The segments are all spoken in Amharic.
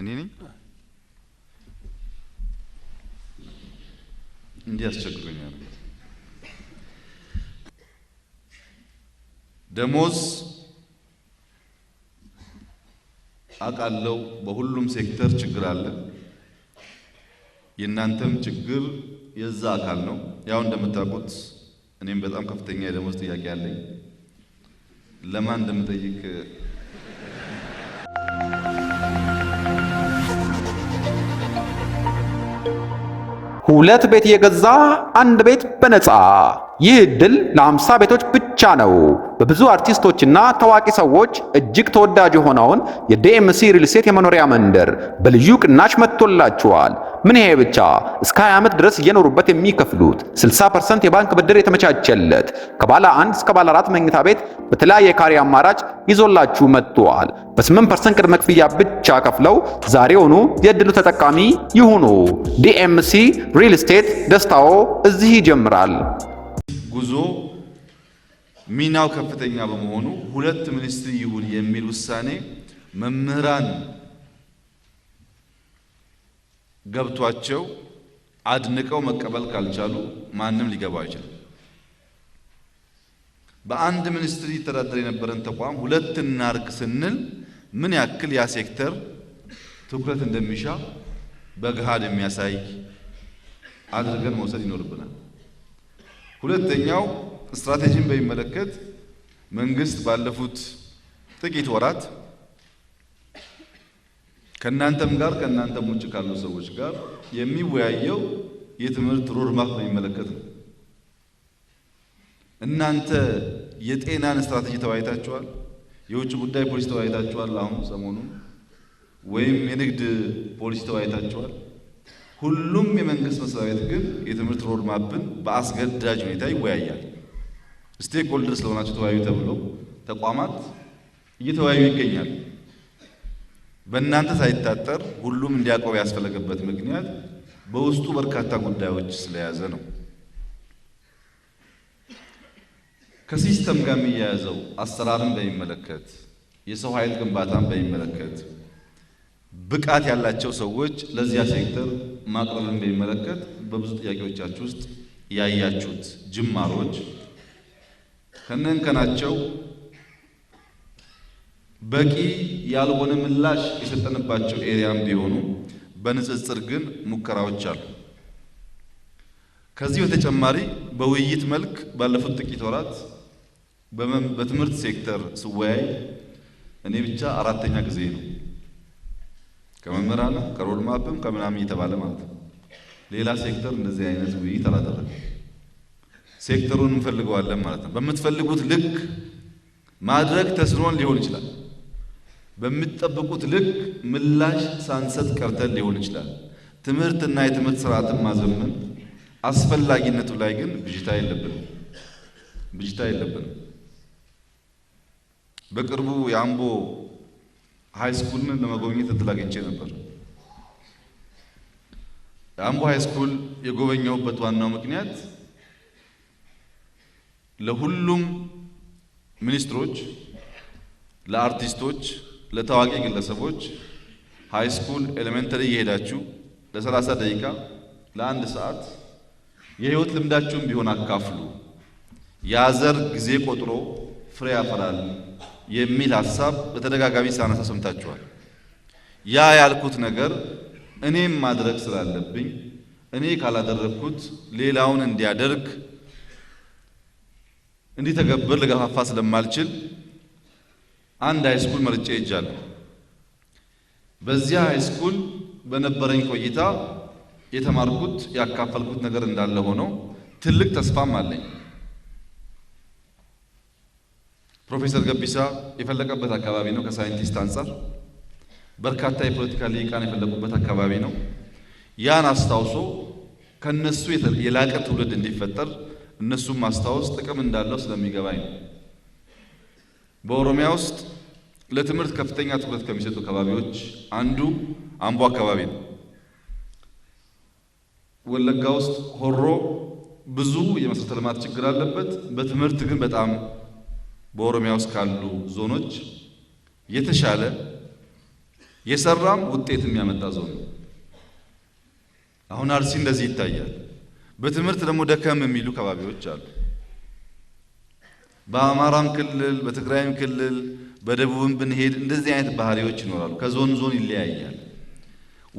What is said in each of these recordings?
እኔ ነኝ እንዲህ አስቸግሮኛል። ደሞዝ አቃለው በሁሉም ሴክተር ችግር አለ። የእናንተም ችግር የዛ አካል ነው። ያው እንደምታውቁት እኔም በጣም ከፍተኛ የደሞዝ ጥያቄ አለኝ። ለማን እንደምጠይቅ ሁለት ቤት የገዛ አንድ ቤት በነፃ ይህ እድል ለአምሳ ቤቶች ብቻ ነው። በብዙ አርቲስቶችና ታዋቂ ሰዎች እጅግ ተወዳጅ የሆነውን የዲኤምሲ ሪልስቴት የመኖሪያ መንደር በልዩ ቅናሽ መጥቶላችኋል። ምን ይሄ ብቻ! እስከ 20 ዓመት ድረስ እየኖሩበት የሚከፍሉት 60% የባንክ ብድር የተመቻቸለት ከባለ አንድ እስከ ባለ አራት መኝታ ቤት በተለያየ ካሬ አማራጭ ይዞላችሁ መጥቷል። በ8% ቅድመ ክፍያ ብቻ ከፍለው ዛሬውኑ የእድሉ ተጠቃሚ ይሁኑ። ዲኤምሲ ሪልስቴት ደስታዎ እዚህ ይጀምራል። ጉዞ ሚናው ከፍተኛ በመሆኑ ሁለት ሚኒስትሪ ይሁን የሚል ውሳኔ መምህራን ገብቷቸው አድንቀው መቀበል ካልቻሉ ማንም ሊገባ አይችልም። በአንድ ሚኒስትሪ ይተዳደር የነበረን ተቋም ሁለት እናርግ ስንል ምን ያክል ያ ሴክተር ትኩረት እንደሚሻ በገሃድ የሚያሳይ አድርገን መውሰድ ይኖርብናል። ሁለተኛው ስትራቴጂን በሚመለከት መንግስት ባለፉት ጥቂት ወራት ከእናንተም ጋር ከእናንተም ውጭ ካሉ ሰዎች ጋር የሚወያየው የትምህርት ሮድማፕ በሚመለከት ነው። እናንተ የጤናን ስትራቴጂ ተወያይታችኋል? የውጭ ጉዳይ ፖሊሲ ተወያይታችኋል? አሁን ሰሞኑን ወይም የንግድ ፖሊሲ ተወያይታችኋል? ሁሉም የመንግስት መስሪያ ቤት ግን የትምህርት ማፕን በአስገዳጅ ሁኔታ ይወያያል። ስቴክ ሆልደር ስለሆናቸው ተወያዩ ተብሎ ተቋማት እየተወያዩ ይገኛል። በእናንተ ሳይታጠር ሁሉም እንዲያቆብ ያስፈለገበት ምክንያት በውስጡ በርካታ ጉዳዮች ስለያዘ ነው። ከሲስተም ጋር የሚያያዘው አሰራርን በሚመለከት የሰው ኃይል ግንባታን በሚመለከት ብቃት ያላቸው ሰዎች ለዚያ ሴክተር ማቅረብን በሚመለከት በብዙ ጥያቄዎቻችሁ ውስጥ ያያችሁት ጅማሮች ከነንከናቸው በቂ ያልሆነ ምላሽ የሰጠንባቸው ኤሪያም ቢሆኑ በንጽጽር ግን ሙከራዎች አሉ። ከዚህ በተጨማሪ በውይይት መልክ ባለፉት ጥቂት ወራት በትምህርት ሴክተር ስወያይ እኔ ብቻ አራተኛ ጊዜ ነው። ከመምህራንም ማፕም ከምናምን እየተባለ ማለት ነው። ሌላ ሴክተር እንደዚህ አይነት ውይይት አላደረገም። ሴክተሩን እንፈልገዋለን ማለት ነው። በምትፈልጉት ልክ ማድረግ ተስኖን ሊሆን ይችላል። በምትጠብቁት ልክ ምላሽ ሳንሰጥ ቀርተን ሊሆን ይችላል። ትምህርትና የትምህርት ስርዓትን ማዘመን አስፈላጊነቱ ላይ ግን ብዥታ የለብንም፣ ብዥታ የለብንም። በቅርቡ የአምቦ ሃይስኩልን ለመጎብኘት እድል አግኝቼ ነበር። አምቦ ሃይስኩል የጎበኘሁበት ዋናው ምክንያት ለሁሉም ሚኒስትሮች፣ ለአርቲስቶች፣ ለታዋቂ ግለሰቦች ሃይስኩል ኤሌመንተሪ እየሄዳችሁ ለሰላሳ ደቂቃ ለአንድ ሰዓት የህይወት ልምዳችሁም ቢሆን አካፍሉ። የአዘር ጊዜ ቆጥሮ ፍሬ ያፈራል የሚል ሀሳብ በተደጋጋሚ ሳነሳ ሰምታችኋል። ያ ያልኩት ነገር እኔም ማድረግ ስላለብኝ እኔ ካላደረግኩት ሌላውን እንዲያደርግ እንዲተገብር ልገፋፋ ስለማልችል አንድ ሃይስኩል መርጬ ይጃለሁ። በዚያ ሃይስኩል በነበረኝ ቆይታ የተማርኩት ያካፈልኩት ነገር እንዳለ ሆኖ ትልቅ ተስፋም አለኝ። ፕሮፌሰር ገቢሳ የፈለቀበት አካባቢ ነው። ከሳይንቲስት አንጻር በርካታ የፖለቲካ ሊቃን የፈለቁበት አካባቢ ነው። ያን አስታውሶ ከነሱ የላቀ ትውልድ እንዲፈጠር እነሱም ማስታወስ ጥቅም እንዳለው ስለሚገባኝ ነው። በኦሮሚያ ውስጥ ለትምህርት ከፍተኛ ትኩረት ከሚሰጡ አካባቢዎች አንዱ አምቦ አካባቢ ነው። ወለጋ ውስጥ ሆሮ ብዙ የመሰረተ ልማት ችግር አለበት። በትምህርት ግን በጣም በኦሮሚያ ውስጥ ካሉ ዞኖች የተሻለ የሰራም ውጤት የሚያመጣ ዞን ነው። አሁን አርሲ እንደዚህ ይታያል። በትምህርት ደግሞ ደከም የሚሉ ከባቢዎች አሉ። በአማራም ክልል በትግራይም ክልል በደቡብም ብንሄድ እንደዚህ አይነት ባህሪዎች ይኖራሉ። ከዞን ዞን ይለያያል።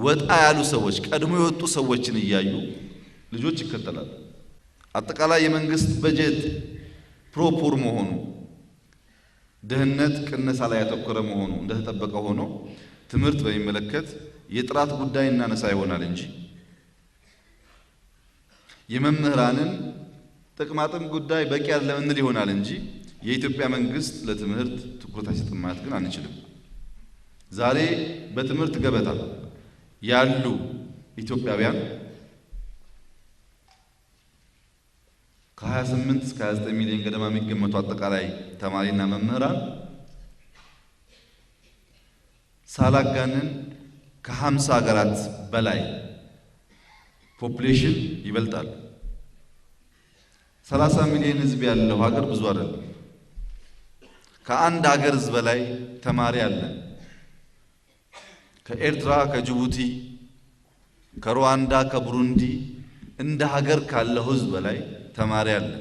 ወጣ ያሉ ሰዎች ቀድሞ የወጡ ሰዎችን እያዩ ልጆች ይከተላሉ። አጠቃላይ የመንግስት በጀት ፕሮፖር መሆኑ ደህንነት ቅነሳ ላይ ያተኮረ መሆኑ እንደተጠበቀ ሆኖ ትምህርት በሚመለከት የጥራት ጉዳይ እናነሳ ይሆናል እንጂ የመምህራንን ጥቅማጥም ጉዳይ በቂ አይደለም እንል ይሆናል እንጂ የኢትዮጵያ መንግስት ለትምህርት ትኩረት አይሰጥም ማለት ግን አንችልም። ዛሬ በትምህርት ገበታ ያሉ ኢትዮጵያውያን ከ28 እስከ 29 ሚሊዮን ገደማ የሚገመቱ አጠቃላይ ተማሪና መምህራን ሳላጋንን ከ50 ሀገራት በላይ ፖፕሌሽን ይበልጣል። 30 ሚሊዮን ህዝብ ያለው ሀገር ብዙ አይደለም። ከአንድ ሀገር ህዝብ በላይ ተማሪ አለ። ከኤርትራ፣ ከጅቡቲ፣ ከሩዋንዳ፣ ከቡሩንዲ እንደ ሀገር ካለው ህዝብ በላይ ተማሪ አለ።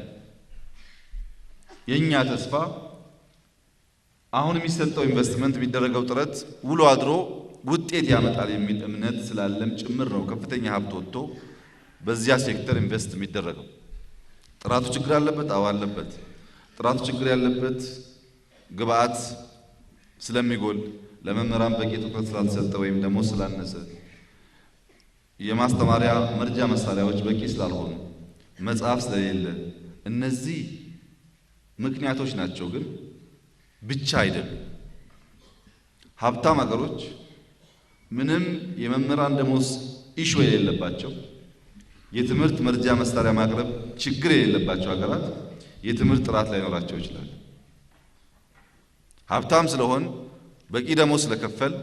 የእኛ ተስፋ አሁን የሚሰጠው ኢንቨስትመንት የሚደረገው ጥረት ውሎ አድሮ ውጤት ያመጣል የሚል እምነት ስላለም ጭምር ነው ከፍተኛ ሀብት ወጥቶ በዚያ ሴክተር ኢንቨስት የሚደረገው። ጥራቱ ችግር አለበት? አዎ አለበት። ጥራቱ ችግር ያለበት ግብአት ስለሚጎል፣ ለመምህራን በቂ ትኩረት ስላልተሰጠ ወይም ደግሞ ስላነሰ፣ የማስተማሪያ መርጃ መሳሪያዎች በቂ ስላልሆኑ መጽሐፍ ስለሌለ እነዚህ ምክንያቶች ናቸው። ግን ብቻ አይደሉም። ሀብታም ሀገሮች ምንም የመምህራን ደሞዝ ኢሹ የሌለባቸው የትምህርት መርጃ መሳሪያ ማቅረብ ችግር የሌለባቸው ሀገራት የትምህርት ጥራት ላይኖራቸው ይችላል። ሀብታም ስለሆን በቂ ደሞዝ ስለከፈል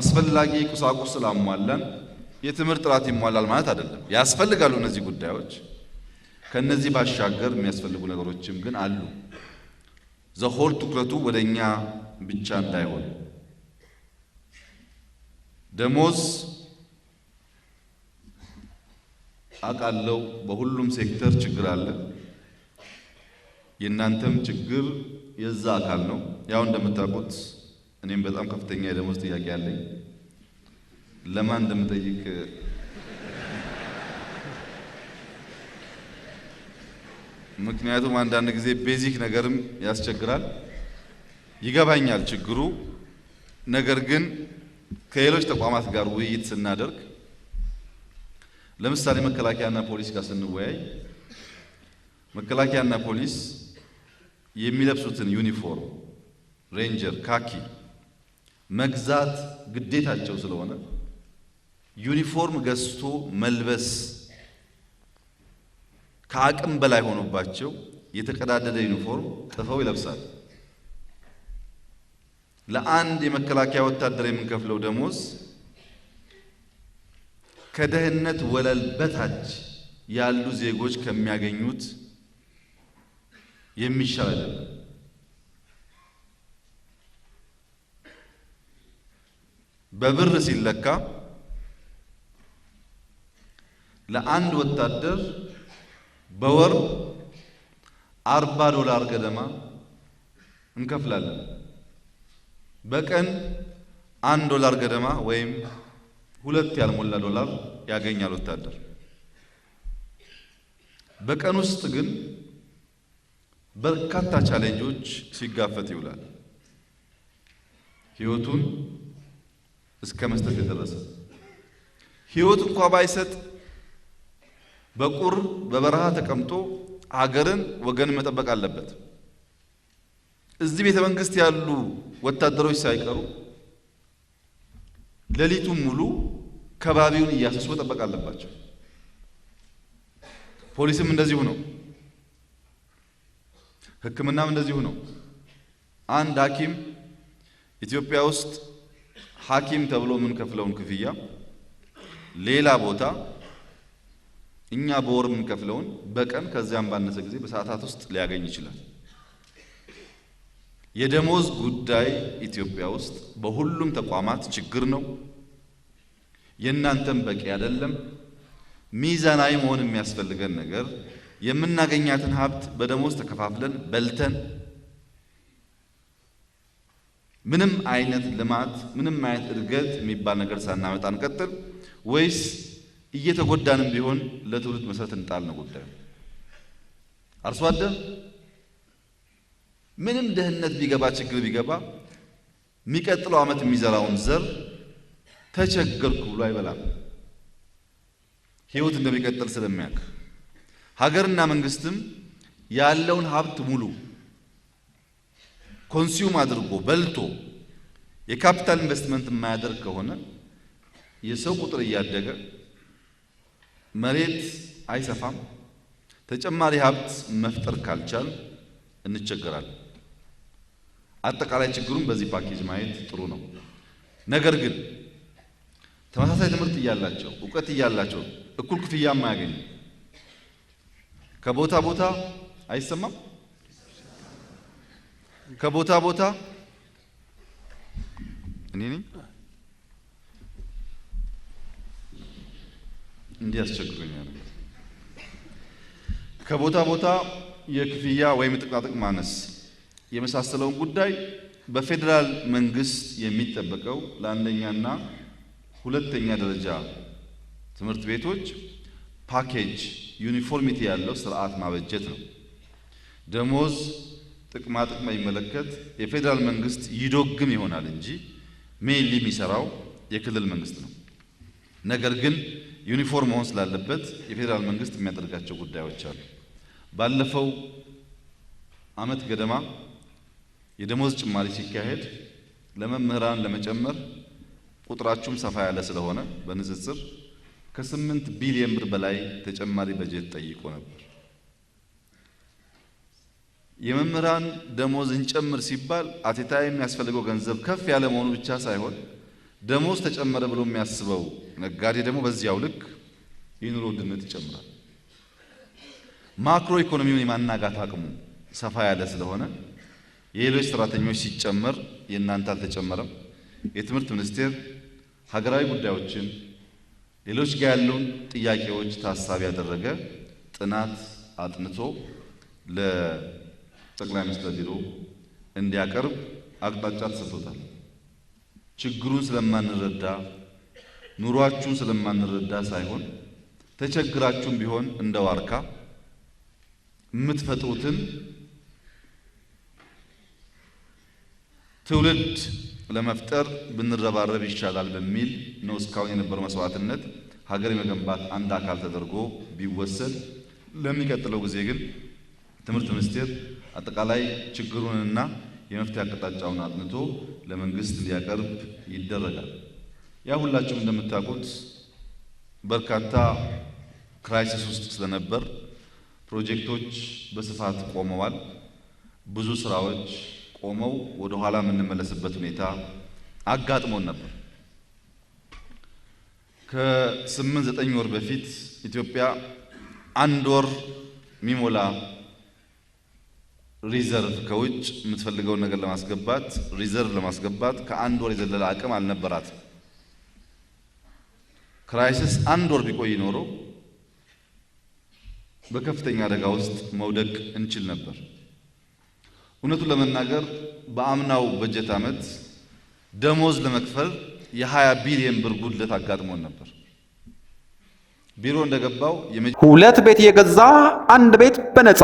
አስፈላጊ ቁሳቁስ ስላሟላን የትምህርት ጥራት ይሟላል ማለት አይደለም። ያስፈልጋሉ እነዚህ ጉዳዮች። ከነዚህ ባሻገር የሚያስፈልጉ ነገሮችም ግን አሉ። ዘሆል ትኩረቱ ወደ እኛ ብቻ እንዳይሆን ደሞዝ አቃለው በሁሉም ሴክተር ችግር አለ። የእናንተም ችግር የዛ አካል ነው። ያው እንደምታውቁት እኔም በጣም ከፍተኛ የደሞዝ ጥያቄ አለኝ። ለማን እንደምጠይቅ ምክንያቱም አንዳንድ ጊዜ ቤዚክ ነገርም ያስቸግራል። ይገባኛል ችግሩ። ነገር ግን ከሌሎች ተቋማት ጋር ውይይት ስናደርግ ለምሳሌ መከላከያና ፖሊስ ጋር ስንወያይ መከላከያና ፖሊስ የሚለብሱትን ዩኒፎርም ሬንጀር ካኪ መግዛት ግዴታቸው ስለሆነ ዩኒፎርም ገዝቶ መልበስ ከአቅም በላይ ሆኖባቸው የተቀዳደደ ዩኒፎርም ጥፈው ይለብሳል። ለአንድ የመከላከያ ወታደር የምንከፍለው ደሞዝ ከደህንነት ወለል በታች ያሉ ዜጎች ከሚያገኙት የሚሻል አይደለም። በብር ሲለካ ለአንድ ወታደር በወር አርባ ዶላር ገደማ እንከፍላለን። በቀን አንድ ዶላር ገደማ ወይም ሁለት ያልሞላ ዶላር ያገኛል ወታደር። በቀን ውስጥ ግን በርካታ ቻሌንጆች ሲጋፈጥ ይውላል። ህይወቱን እስከ መስጠት የደረሰ ህይወት እንኳ ባይሰጥ በቁር በበረሃ ተቀምጦ አገርን ወገን መጠበቅ አለበት። እዚህ ቤተ መንግስት ያሉ ወታደሮች ሳይቀሩ ሌሊቱን ሙሉ ከባቢውን እያሰሱ መጠበቅ አለባቸው። ፖሊስም እንደዚሁ ነው። ሕክምናም እንደዚሁ ነው። አንድ ሐኪም ኢትዮጵያ ውስጥ ሐኪም ተብሎ የምንከፍለውን ክፍያ ሌላ ቦታ እኛ በወር የምንከፍለውን በቀን ከዚያም ባነሰ ጊዜ በሰዓታት ውስጥ ሊያገኝ ይችላል። የደሞዝ ጉዳይ ኢትዮጵያ ውስጥ በሁሉም ተቋማት ችግር ነው። የእናንተም በቂ አይደለም። ሚዛናዊ መሆን የሚያስፈልገን ነገር የምናገኛትን ሀብት በደሞዝ ተከፋፍለን በልተን ምንም አይነት ልማት ምንም አይነት እድገት የሚባል ነገር ሳናመጣ እንቀጥል ወይስ እየተጎዳንም ቢሆን ለትውልድ መሰረት እንጣል ነው ጉዳዩ። አርሶ አደር ምንም ደህንነት ቢገባ ችግር ቢገባ የሚቀጥለው ዓመት የሚዘራውን ዘር ተቸገርኩ ብሎ አይበላም። ህይወት እንደሚቀጥል ስለሚያውቅ ሀገርና መንግስትም ያለውን ሀብት ሙሉ ኮንሱም አድርጎ በልቶ የካፒታል ኢንቨስትመንት የማያደርግ ከሆነ የሰው ቁጥር እያደገ መሬት አይሰፋም። ተጨማሪ ሀብት መፍጠር ካልቻል እንቸገራለን። አጠቃላይ ችግሩን በዚህ ፓኬጅ ማየት ጥሩ ነው። ነገር ግን ተመሳሳይ ትምህርት እያላቸው እውቀት እያላቸው እኩል ክፍያ የማያገኙ ከቦታ ቦታ አይሰማም፣ ከቦታ ቦታ እኔ ነኝ እንዲህ ያደርጋል። ከቦታ ቦታ የክፍያ ወይም ጥቅጣጥቅ ማነስ የመሳሰለውን ጉዳይ በፌዴራል መንግስት የሚጠበቀው ለአንደኛና ሁለተኛ ደረጃ ትምህርት ቤቶች ፓኬጅ ዩኒፎርሚቲ ያለው ስርዓት ማበጀት ነው። ደሞዝ፣ ጥቅማጥቅም ይመለከት የፌዴራል መንግስት ይዶግም ይሆናል እንጂ ሜይንሊ የሚሰራው የክልል መንግስት ነው። ነገር ግን ዩኒፎርም መሆን ስላለበት የፌዴራል መንግስት የሚያደርጋቸው ጉዳዮች አሉ። ባለፈው አመት ገደማ የደሞዝ ጭማሪ ሲካሄድ ለመምህራን ለመጨመር ቁጥራችሁም ሰፋ ያለ ስለሆነ በንጽጽር ከስምንት ቢሊየን ብር በላይ ተጨማሪ በጀት ጠይቆ ነበር። የመምህራን ደሞዝ እንጨምር ሲባል አቴታ የሚያስፈልገው ገንዘብ ከፍ ያለ መሆኑ ብቻ ሳይሆን ደሞዝ ተጨመረ ብሎ የሚያስበው ነጋዴ ደግሞ በዚያው ልክ የኑሮ ውድነት ይጨምራል። ማክሮ ኢኮኖሚውን የማናጋት አቅሙ ሰፋ ያለ ስለሆነ የሌሎች ሰራተኞች ሲጨመር የእናንተ አልተጨመረም። የትምህርት ሚኒስቴር ሀገራዊ ጉዳዮችን ሌሎች ጋር ያለውን ጥያቄዎች ታሳቢ ያደረገ ጥናት አጥንቶ ለጠቅላይ ሚኒስትር ቢሮ እንዲያቀርብ አቅጣጫ ተሰጥቶታል። ችግሩን ስለማንረዳ ኑሯችሁን ስለማንረዳ ሳይሆን ተቸግራችሁም ቢሆን እንደ ዋርካ የምትፈጥሩትን ትውልድ ለመፍጠር ብንረባረብ ይሻላል በሚል ነው እስካሁን የነበረው መስዋዕትነት ሀገር የመገንባት አንድ አካል ተደርጎ ቢወሰድ። ለሚቀጥለው ጊዜ ግን ትምህርት ሚኒስቴር አጠቃላይ ችግሩንና የመፍትሄ አቅጣጫውን አጥንቶ ለመንግስት እንዲያቀርብ ይደረጋል። ያ ሁላችሁም እንደምታውቁት በርካታ ክራይሲስ ውስጥ ስለነበር ፕሮጀክቶች በስፋት ቆመዋል። ብዙ ስራዎች ቆመው ወደ ኋላ የምንመለስበት ሁኔታ አጋጥሞን ነበር። ከስምንት ዘጠኝ ወር በፊት ኢትዮጵያ አንድ ወር ሚሞላ ሪዘርቭ ከውጭ የምትፈልገውን ነገር ለማስገባት ሪዘርቭ ለማስገባት ከአንድ ወር የዘለለ አቅም አልነበራትም። ክራይሲስ አንድ ወር ቢቆይ ኖሮ በከፍተኛ አደጋ ውስጥ መውደቅ እንችል ነበር። እውነቱን ለመናገር በአምናው በጀት ዓመት ደሞዝ ለመክፈል የ20 ቢሊዮን ብር ጉድለት አጋጥሞን ነበር። ቢሮ እንደገባው ሁለት ቤት የገዛ አንድ ቤት በነፃ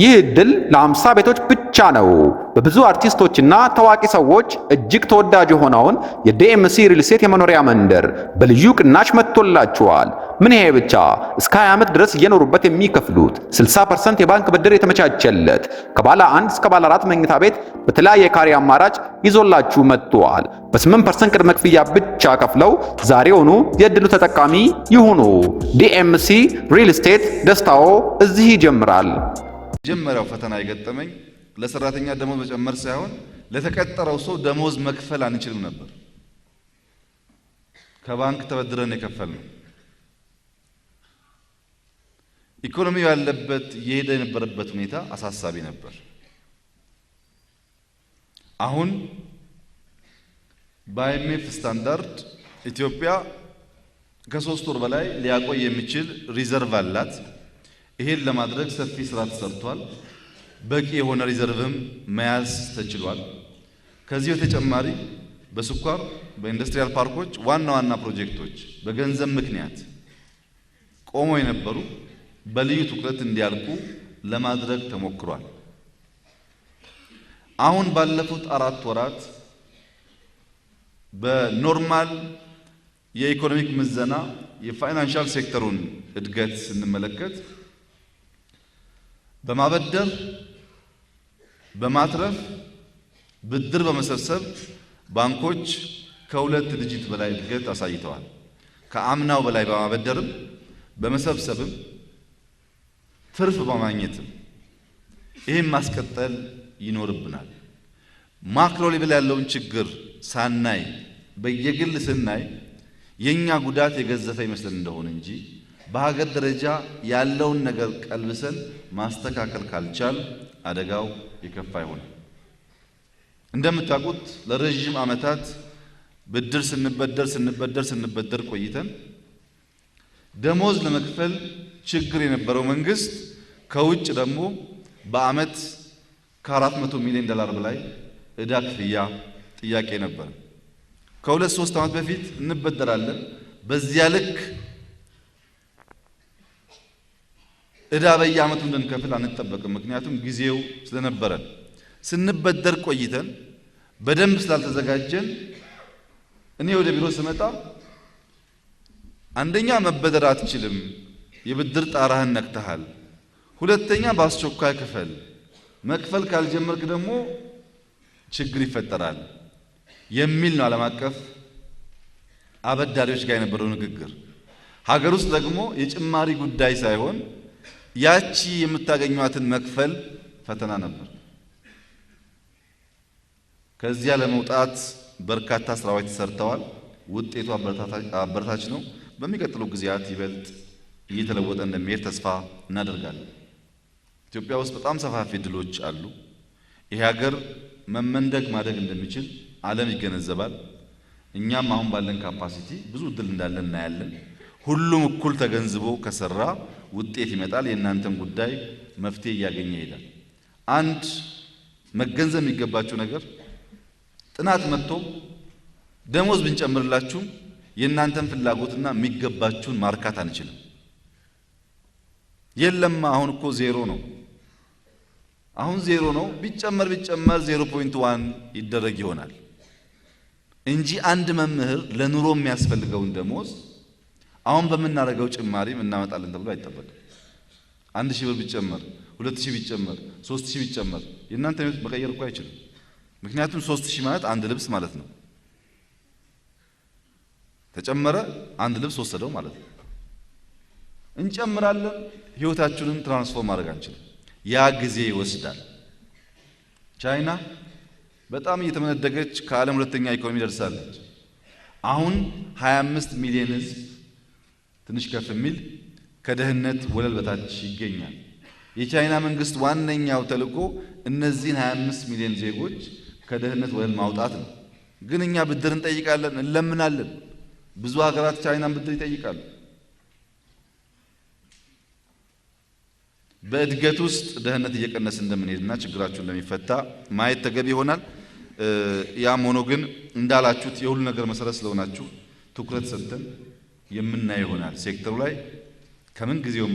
ይህ እድል ለአምሳ ቤቶች ብቻ ነው። በብዙ አርቲስቶችና ታዋቂ ሰዎች እጅግ ተወዳጅ የሆነውን የዲኤምሲ ሪልስቴት የመኖሪያ መንደር በልዩ ቅናሽ መጥቶላችኋል። ምን ይሄ ብቻ! እስከ 20 ዓመት ድረስ እየኖሩበት የሚከፍሉት 60% የባንክ ብድር የተመቻቸለት ከባለ አንድ እስከ ባለ አራት መኝታ ቤት በተለያየ ካሬ አማራጭ ይዞላችሁ መጥቷል። በ8% ቅድመ ክፍያ ብቻ ከፍለው ዛሬውኑ የእድሉ ተጠቃሚ ይሁኑ። ዲኤምሲ ሪልስቴት ደስታዎ እዚህ ይጀምራል። መጀመሪያው ፈተና የገጠመኝ ለሰራተኛ ደሞዝ መጨመር ሳይሆን ለተቀጠረው ሰው ደሞዝ መክፈል አንችልም ነበር። ከባንክ ተበድረን ነው። ኢኮኖሚው ያለበት እየሄደ የነበረበት ሁኔታ አሳሳቢ ነበር። አሁን በአይኤምኤፍ ስታንዳርድ ኢትዮጵያ ከሶስት ወር በላይ ሊያቆይ የሚችል ሪዘርቭ አላት። ይሄን ለማድረግ ሰፊ ስራ ተሰርቷል። በቂ የሆነ ሪዘርቭም መያዝ ተችሏል። ከዚህ በተጨማሪ በስኳር በኢንዱስትሪያል ፓርኮች ዋና ዋና ፕሮጀክቶች በገንዘብ ምክንያት ቆመው የነበሩ በልዩ ትኩረት እንዲያልቁ ለማድረግ ተሞክሯል። አሁን ባለፉት አራት ወራት በኖርማል የኢኮኖሚክ ምዘና የፋይናንሻል ሴክተሩን እድገት ስንመለከት በማበደር በማትረፍ ብድር በመሰብሰብ ባንኮች ከሁለት ድጅት በላይ እድገት አሳይተዋል። ከአምናው በላይ በማበደርም በመሰብሰብም ትርፍ በማግኘትም ይህም ማስቀጠል ይኖርብናል። ማክሮ ሌቭል ያለውን ችግር ሳናይ በየግል ስናይ የእኛ ጉዳት የገዘፈ ይመስለን እንደሆነ እንጂ በሀገር ደረጃ ያለውን ነገር ቀልብሰን ማስተካከል ካልቻል አደጋው የከፋ ይሆናል። እንደምታውቁት ለረዥም ዓመታት ብድር ስንበደር ስንበደር ስንበደር ቆይተን ደሞዝ ለመክፈል ችግር የነበረው መንግስት ከውጭ ደግሞ በዓመት ከአራት መቶ ሚሊዮን ዶላር በላይ እዳ ክፍያ ጥያቄ ነበር። ከሁለት ሶስት ዓመት በፊት እንበደራለን በዚያ ልክ እዳ በየአመቱ እንድንከፍል አንጠበቅም። ምክንያቱም ጊዜው ስለነበረን ስንበደር ቆይተን በደንብ ስላልተዘጋጀን እኔ ወደ ቢሮ ስመጣ አንደኛ መበደር አትችልም፣ የብድር ጣራህን ነክተሃል። ሁለተኛ በአስቸኳይ ክፈል፣ መክፈል ካልጀመርክ ደግሞ ችግር ይፈጠራል የሚል ነው ዓለም አቀፍ አበዳሪዎች ጋር የነበረው ንግግር። ሀገር ውስጥ ደግሞ የጭማሪ ጉዳይ ሳይሆን ያቺ የምታገኟትን መክፈል ፈተና ነበር። ከዚያ ለመውጣት በርካታ ስራዎች ተሰርተዋል። ውጤቱ አበረታች ነው። በሚቀጥሉ ጊዜያት ይበልጥ እየተለወጠ እንደሚሄድ ተስፋ እናደርጋለን። ኢትዮጵያ ውስጥ በጣም ሰፋፊ ድሎች አሉ። ይህ ሀገር መመንደግ ማደግ እንደሚችል ዓለም ይገነዘባል። እኛም አሁን ባለን ካፓሲቲ ብዙ እድል እንዳለን እናያለን። ሁሉም እኩል ተገንዝቦ ከሰራ ውጤት ይመጣል። የእናንተን ጉዳይ መፍትሄ እያገኘ ይሄዳል። አንድ መገንዘብ የሚገባችሁ ነገር ጥናት መጥቶ ደሞዝ ብንጨምርላችሁም የእናንተን ፍላጎትና የሚገባችሁን ማርካት አንችልም። የለማ አሁን እኮ ዜሮ ነው፣ አሁን ዜሮ ነው ቢጨመር ቢጨመር ዜሮ ፖይንት ዋን ይደረግ ይሆናል እንጂ አንድ መምህር ለኑሮ የሚያስፈልገውን ደሞዝ አሁን በምናደርገው ጭማሪ እናመጣለን ተብሎ አይጠበቅም። አንድ ሺህ ብር ቢጨመር፣ ሁለት ሺህ ቢጨመር፣ ሶስት ሺህ ቢጨመር የእናንተ ህይወት መቀየር እኮ አይችልም። ምክንያቱም ሶስት ሺህ ማለት አንድ ልብስ ማለት ነው። ተጨመረ አንድ ልብስ ወሰደው ማለት ነው። እንጨምራለን ህይወታችንን ትራንስፎርም ማድረግ አንችልም። ያ ጊዜ ይወስዳል። ቻይና በጣም እየተመነደገች ከዓለም ሁለተኛ ኢኮኖሚ ደርሳለች። አሁን 25 ሚሊዮን ህዝብ ትንሽ ከፍ የሚል ከደህንነት ወለል በታች ይገኛል። የቻይና መንግስት ዋነኛው ተልዕኮ እነዚህን 25 ሚሊዮን ዜጎች ከደህንነት ወለል ማውጣት ነው። ግን እኛ ብድር እንጠይቃለን፣ እንለምናለን። ብዙ ሀገራት ቻይናን ብድር ይጠይቃሉ። በእድገት ውስጥ ደህንነት እየቀነስ እንደምንሄድና ችግራችሁን እንደሚፈታ ማየት ተገቢ ይሆናል። ያም ሆኖ ግን እንዳላችሁት የሁሉ ነገር መሰረት ስለሆናችሁ ትኩረት ሰጥተን የምናየው ይሆናል። ሴክተሩ ላይ ከምን ጊዜውም